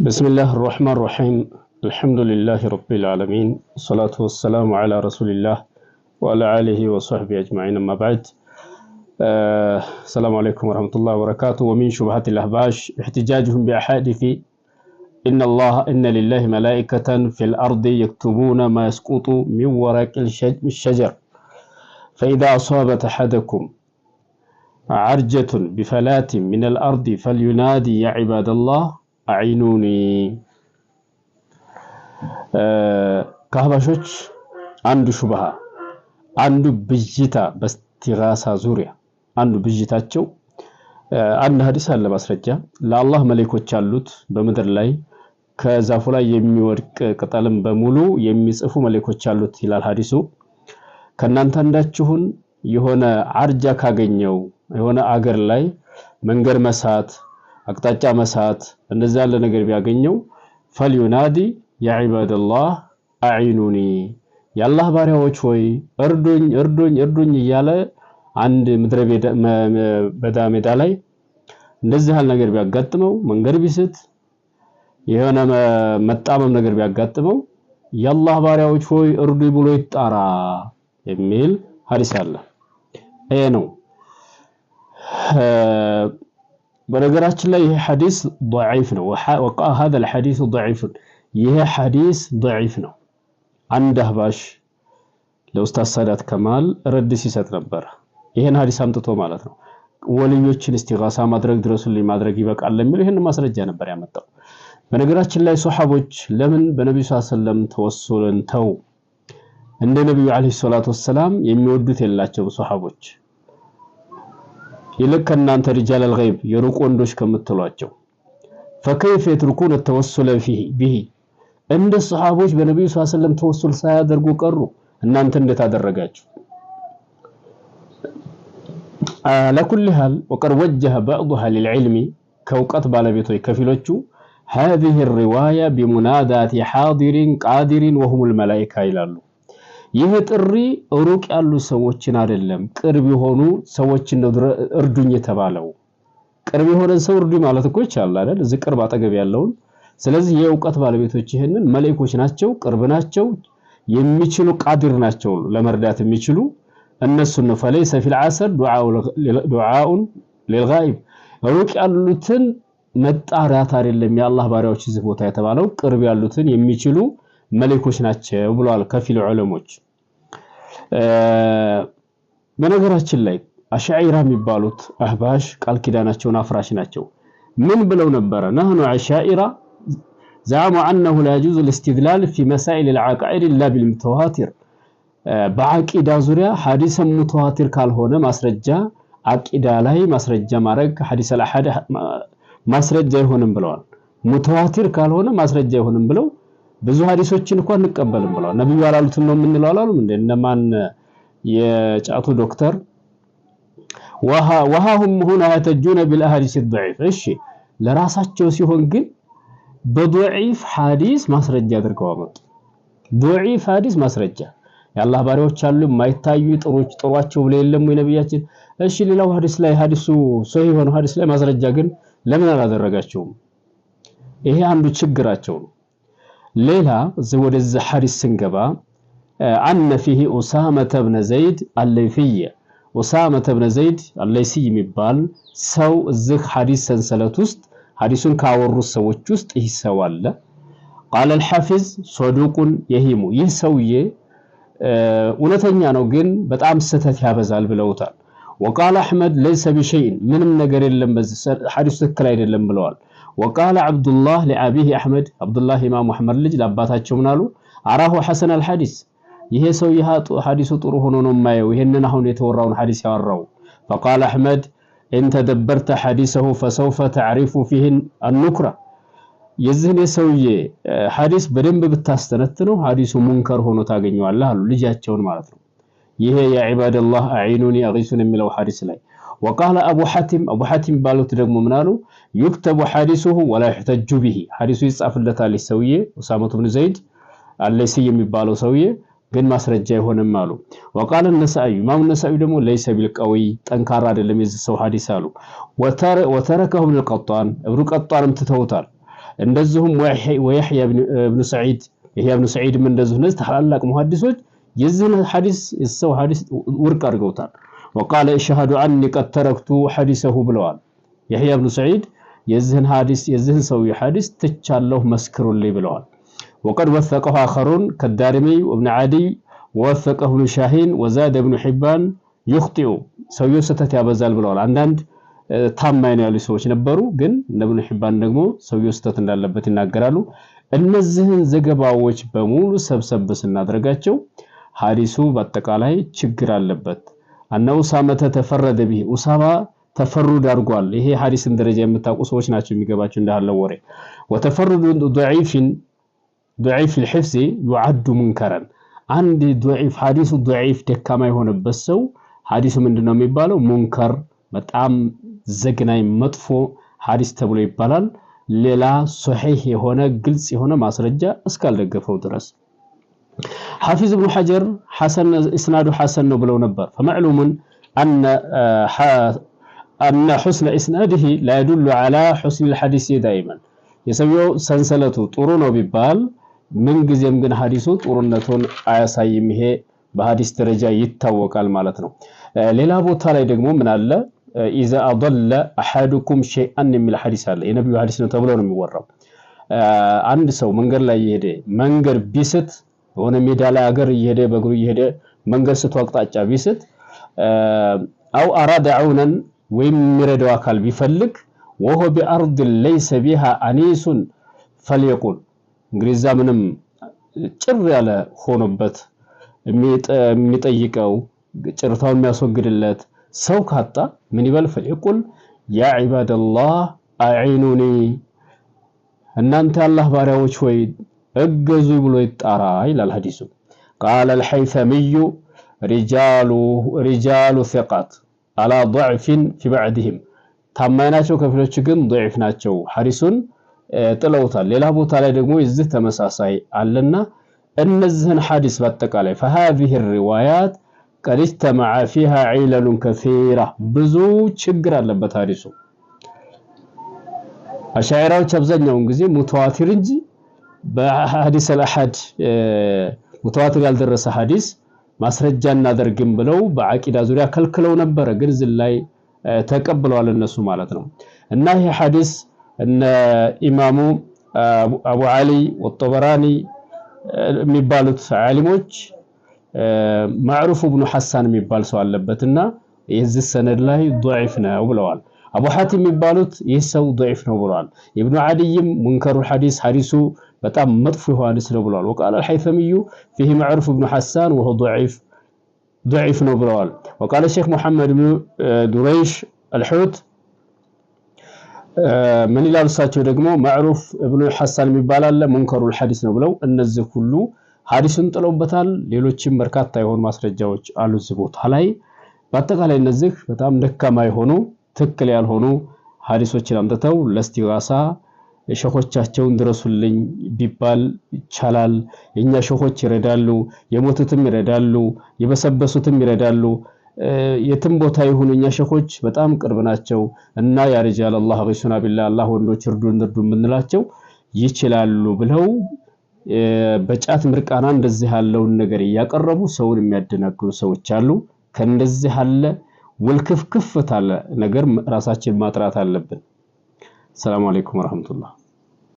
بسم الله الرحمن الرحيم الحمد لله رب العالمين والصلاة والسلام على رسول الله وعلى آله وصحبه أجمعين أما بعد آه السلام عليكم ورحمة الله وبركاته ومن شبهات الأهباش احتجاجهم بأحاديث إن الله إن لله ملائكة في الأرض يكتبون ما يسقط من ورق الشجر فإذا أصابت أحدكم عرجة بفلاة من الأرض فلينادي يا عباد الله አዒኑኒ ከአህባሾች አንዱ ሹብሃ አንዱ ብዥታ በስቲራሳ ዙሪያ አንዱ ብዥታቸው አንድ ሀዲስ አለ ማስረጃ ለአላህ መሌኮች አሉት በምድር ላይ ከዛፉ ላይ የሚወድቅ ቅጠልም በሙሉ የሚጽፉ መሌኮች አሉት ይላል ሀዲሱ ከእናንተ አንዳችሁን የሆነ አርጃ ካገኘው የሆነ አገር ላይ መንገድ መሳት አቅጣጫ መሳት እንደዚህ ያለ ነገር ቢያገኘው ፈልዩናዲ ያ ዒባደላህ አዒኑኒ የአላህ ባሪያዎች ሆይ እርዱኝ እርዱኝ እርዱኝ እያለ አንድ ምድረ በዳ ሜዳ ላይ እንደዚህ ያለ ነገር ቢያጋጥመው መንገድ ቢስት የሆነ መጣመም ነገር ቢያጋጥመው የአላህ ባሪያዎች ሆይ እርዱ ብሎ ይጣራ የሚል ሀዲስ አለ። ይሄ ነው። በነገራችን ላይ ይሄ ሐዲስ ضعيف ነው ወቃ هذا الحديث ضعيف ይሄ ሐዲስ ضعيف ነው። አንድ አህባሽ ለኡስታዝ ሳዳት ከማል ረድ ሲሰጥ ነበረ። ይሄን ሐዲስ አምጥቶ ማለት ነው ወልዮችን እስቲጋሳ ማድረግ ድረሱልኝ ማድረግ ይበቃል ለሚለው ይህን ማስረጃ ነበር ያመጣው። በነገራችን ላይ ሶሐቦች ለምን በነቢዩ ሰለላሁ ዐለይሂ ተወሱልን ተው እንደ ነቢዩ ዐለይሂ ሰላቱ ወሰላም የሚወዱት የላቸውም ሶሐቦች ይልቅ ከእናንተ ሪጃል አልገይብ የሩቅ ወንዶች ከምትሏቸው ፈከይፍ የትርኩን ተወሱለ ቢሂ እንደ ሰሃቦች በነቢዩ ስ ስለም ተወሱል ሳያደርጉ ቀሩ። እናንተ እንዴት አደረጋችሁ? አላኩል ሃል ወቀድ ወጀህ ባዕዱሃ ልልዕልሚ ከእውቀት ባለቤቶች ከፊሎቹ ሃዚህ ሪዋያ ቢሙናዳት ሓዲሪን ቃዲሪን ወሁም ልመላይካ ይላሉ። ይህ ጥሪ ሩቅ ያሉ ሰዎችን አይደለም፣ ቅርብ የሆኑ ሰዎችን ነው እርዱኝ የተባለው። ቅርብ የሆነን ሰው እርዱኝ ማለት እኮ ይቻላል አይደል? እዚህ ቅርብ አጠገብ ያለውን። ስለዚህ የእውቀት ባለቤቶች ይህንን መለኮች ናቸው፣ ቅርብ ናቸው፣ የሚችሉ ቃድር ናቸው፣ ለመርዳት የሚችሉ እነሱን ነው። ፈለይሰ ፊል ዓሰር ዱዓኡን ሊልጋይብ ሩቅ ያሉትን መጣራት አይደለም የአላህ ባሪያዎች እዚህ ቦታ የተባለው ቅርብ ያሉትን የሚችሉ መሌኮች ናቸው ብለዋል ከፊል ዑለሞች። በነገራችን ላይ አሻኢራ የሚባሉት አህባሽ ቃል ኪዳናቸውን አፍራሽ ናቸው። ምን ብለው ነበረ? ነህኑ አሻኢራ ዛሙ አነሁ ላ ልስትድላል ፊ መሳኢል ልዓቃኢድ ላ ቢልሙተዋቲር በአቂዳ ዙሪያ ሀዲሰ ሙተዋቲር ካልሆነ ማስረጃ አቂዳ ላይ ማስረጃ ማድረግ ሐዲስ አልአሐድ ማስረጃ አይሆንም ብለዋል። ሙተዋቲር ካልሆነ ማስረጃ አይሆንም ብለው ብዙ ሀዲሶችን እኮ እንቀበልም ብለዋል። ነቢዩ አላሉትም ነው የምንለው አላሉም። እንደ እነማን የጫቱ ዶክተር ወሃሁም ሁና የተጁነ ቢልአሐዲስ ዶዒፍ። እሺ ለራሳቸው ሲሆን ግን በዶዒፍ ሐዲስ ማስረጃ አድርገው አመጡ። ዶዒፍ ሐዲስ ማስረጃ የአላህ ባሪያዎች አሉ የማይታዩ ጥሮች ጥሯቸው ብለ የለም ወይ ነብያችን? እሺ ሌላው ሐዲስ ላይ ሐዲሱ ሰው የሆነው ሐዲስ ላይ ማስረጃ ግን ለምን አላደረጋቸውም? ይሄ አንዱ ችግራቸው ነው። ሌላ ወደዚ ሐዲስ ስንገባ አነ ፊህ ኡሳመተ ብነ ዘይድ አለይፍየ ኡሳመተ ብነ ዘይድ አለይሲ የሚባል ሰው እዚህ ሐዲስ ሰንሰለት ውስጥ ሐዲሱን ካወሩት ሰዎች ውስጥ ይህ ሰው አለ። ቃለ አልሐፊዝ ሶዱቁን የሂሙ ይህ ሰውዬ እውነተኛ ነው፣ ግን በጣም ስህተት ያበዛል ብለውታል። ወቃለ አሕመድ ለይሰ ቢሸይን ምንም ነገር የለም በዚህ ሐዲሱ ትክክል አይደለም ብለዋል። ወቃለ አብዱላህ ለአቢህ አህመድ አብዱላህ ኢማም አሕመድ ልጅ ለአባታቸው ምን አሉ? አራሁ ሐሰን አልሐዲስ ይሄ ሰው ሐዲሱ ጥሩ ሆኖ ነው የማየው፣ ይሄንን አሁን የተወራውን ሐዲስ ያወራው። ፈቃለ አሕመድ ኢን ተደበርተ ሐዲሰሁ ፈሰውፈ ተዕሪፉ ፊህን አኑክራ የዚህን የሰውዬ ሐዲስ በደንብ ብታስተነትነው ሐዲሱ ሙንከር ሆኖ ታገኘዋለህ አሉ፣ ልጃቸውን ማለት ነው። ይሄ የዕባደላህ አዒኑኒ አጊሱን የሚለው ሐዲስ ላይ ወቃለ አቡ ሐቲም አቡ ሐቲም ባሉት ደግሞ ምናሉ ዩክተቡ ሐዲሱሁ ወላ ዩሕተጁ ብሂ ሐዲሱ ይጻፍለታል። ሰውዬ ኡሳመቱ ብን ዘይድ አለይሲ የሚባለው ሰውዬ ግን ማስረጃ አይሆንም አሉ። ወቃለ ነሳዩ ኢማሙ ነሳዩ ደግሞ ለይሰ ቢልቀዊ ጠንካራ አይደለም የዚህ ሰው ሐዲስ አሉ። ወተረከሁ ብን ቀጧን እብኑ ቀጧንም ትተውታል። እንደዚሁም ወየሕያ ብኑ ሰዒድ የሕያ ብኑ ሰዒድም እንደዚሁ እነዚህ ታላላቅ ሙሐዲሶች የዚህን ሐዲስ የሰው ሐዲስ ውርቅ አድርገውታል። ወቃለ እሽሃዱ አኒ ቀድ ተረክቱ ሐዲሰሁ ብለዋል። የሕያ ብኑ ሰዒድ የዚህን ሐዲስ የዚህን ሰውዬ ሐዲስ ትቻለሁ መስክሩልኝ ብለዋል። ወቀድ ወፈቀሁ አኸሩን ከዳርሚ እብን ዓዲይ ወወሰቀሁ ብኑ ሻሂን ወዛደ ብኑ ሒባን ይኽጢኡ ሰውየው ስህተት ያበዛል ብለዋል። አንዳንድ ታማኝ ነው ያሉ ሰዎች ነበሩ፣ ግን እነ ብኑ ሒባን ደግሞ ሰውየው ስህተት እንዳለበት ይናገራሉ። እነዚህን ዘገባዎች በሙሉ ሰብሰብ ስናደርጋቸው ሐዲሱ በአጠቃላይ ችግር አለበት። አነ ኡሳመተ ተፈረደ ቢሂ ኡሳማ ተፈሩድ አድርጓል። ይሄ ሐዲስን ደረጃ የምታውቁ ሰዎች ናቸው የሚገባቸው እንዳለ ወሬ ወተፈሩዱ ዱዒፍን ዱዒፍ ልሕፍዚ ዩዓዱ ሙንከረን አንድ ዱዒፍ ሐዲሱ ዱዒፍ ደካማ የሆነበት ሰው ሐዲሱ ምንድነው የሚባለው? ሙንከር በጣም ዘግናይ መጥፎ ሐዲስ ተብሎ ይባላል። ሌላ ሶሒህ የሆነ ግልጽ የሆነ ማስረጃ እስካልደገፈው ድረስ ሐፊዝ እብኑ ሐጀር ኢስናዱ ሐሰን ነው ብለው ነበር። ፈመዕሉሙን አነ ሑስነ እስናድህ ላይዱሉ ዓላ ሑስኒል ሐዲስ ዳይመን የሰውየው ሰንሰለቱ ጥሩ ነው ቢባል ምንጊዜም ግን ሐዲሱ ጥሩነቱን አያሳይም። ይሄ በሐዲስ ደረጃ ይታወቃል ማለት ነው። ሌላ ቦታ ላይ ደግሞ ምን አለ? ኢዛ አደለ አሐዱኩም ሸይአን የሚል ሐዲስ አለ። የነቢዩ ሐዲስ ነው ተብሎ ነው የሚወራው። አንድ ሰው መንገድ ላይ የሄደ መንገድ ቢስት በሆነ ሜዳ ላይ አገር እየሄደ በእግሩ እየሄደ መንገድ ስቶ አቅጣጫ ቢስት አው አራዳ ዑነን ወይም የሚረዳው አካል ቢፈልግ ወሆ ቢአርድ ለይሰ ቢሃ አኒሱን ፈልየቁል እንግዲህ እዛ ምንም ጭር ያለ ሆኖበት የሚጠይቀው ጭርታው የሚያስወግድለት ሰው ካጣ ምን ይበል? ፈልየቁል ያ ዒባደላህ አዒኑኒ እናንተ አላህ ባሪያዎች ወይ እገዙ ብሎ ይጣራ ይላል ሐዲሱ። ቃለ አልሐይተሚዩ ሪጃሉ ሲቃት አላ ضዕፊን ፊ ባዕድህም ታማኝ ናቸው፣ ከፊሎቹ ግን ضዒፍ ናቸው። ሐዲሱን ጥለውታል። ሌላ ቦታ ላይ ደግሞ የዚህ ተመሳሳይ አለና እነዚህን ሐዲስ በአጠቃላይ فهذه الروايات قد اجتمع فيها علل كثيرة ብዙ ችግር አለበት ሐዲሱ። አሻዕራዎች አብዛኛውን ጊዜ ሙተዋቲር እንጂ በሐዲስ አልአሐድ ሙተዋትር ያልደረሰ ሐዲስ ማስረጃ እናደርግም ብለው በአቂዳ ዙሪያ ከልክለው ነበረ። ግን ዝን ላይ ተቀብለዋል እነሱ ማለት ነው። እና ይህ ሐዲስ እነ ኢማሙ አቡ ዓሊ ወጦበራኒ የሚባሉት ዓሊሞች ማዕሩፍ ብኑ ሐሳን የሚባል ሰው አለበትና የዚህ ሰነድ ላይ ዶዒፍ ነው ብለዋል። አቡ ሐቲም የሚባሉት ይህ ሰው ዶዒፍ ነው ብለዋል። ኢብኑ ዓዲይም ሙንከሩ ሐዲስ ሐዲሱ በጣም መጥፎ የሐዲስ ነው ብለዋል። ወቃል አልሐይተሚዩ ፊሂ ማዕሩፍ ብኑ ሐሳን ወሆ ዶዒፍ ዶዒፍ ነው ብለዋል። ወቃል ሼክ ሙሐመድ ብኑ ዱረይሽ አልሑት ምን ይላሉ እሳቸው ደግሞ ማዕሩፍ እብኑ ሐሳን የሚባል አለ ሙንከሩል ሐዲስ ነው ብለው እነዚህ ሁሉ ሐዲሱን ጥለውበታል። ሌሎችም በርካታ የሆኑ ማስረጃዎች አሉ እዚህ ቦታ ላይ። በአጠቃላይ እነዚህ በጣም ደካማ የሆኑ ትክክል ያልሆኑ ሐዲሶችን አምጥተው ለስቲጋሳ ሸኾቻቸውን ድረሱልኝ ቢባል ይቻላል። የእኛ ሸሆች ይረዳሉ፣ የሞቱትም ይረዳሉ፣ የበሰበሱትም ይረዳሉ። የትም ቦታ ይሁን እኛ ሸሆች በጣም ቅርብ ናቸው እና ያ ሪጃል አላህ ገሱና ቢላ አላህ ወንዶች እርዱን እርዱ የምንላቸው ይችላሉ ብለው በጫት ምርቃና እንደዚህ ያለውን ነገር እያቀረቡ ሰውን የሚያደናግሩ ሰዎች አሉ። ከእንደዚህ ያለ ውልክፍክፍ ታለ ነገር ራሳችን ማጥራት አለብን። ሰላም አለይኩም ወራህመቱላህ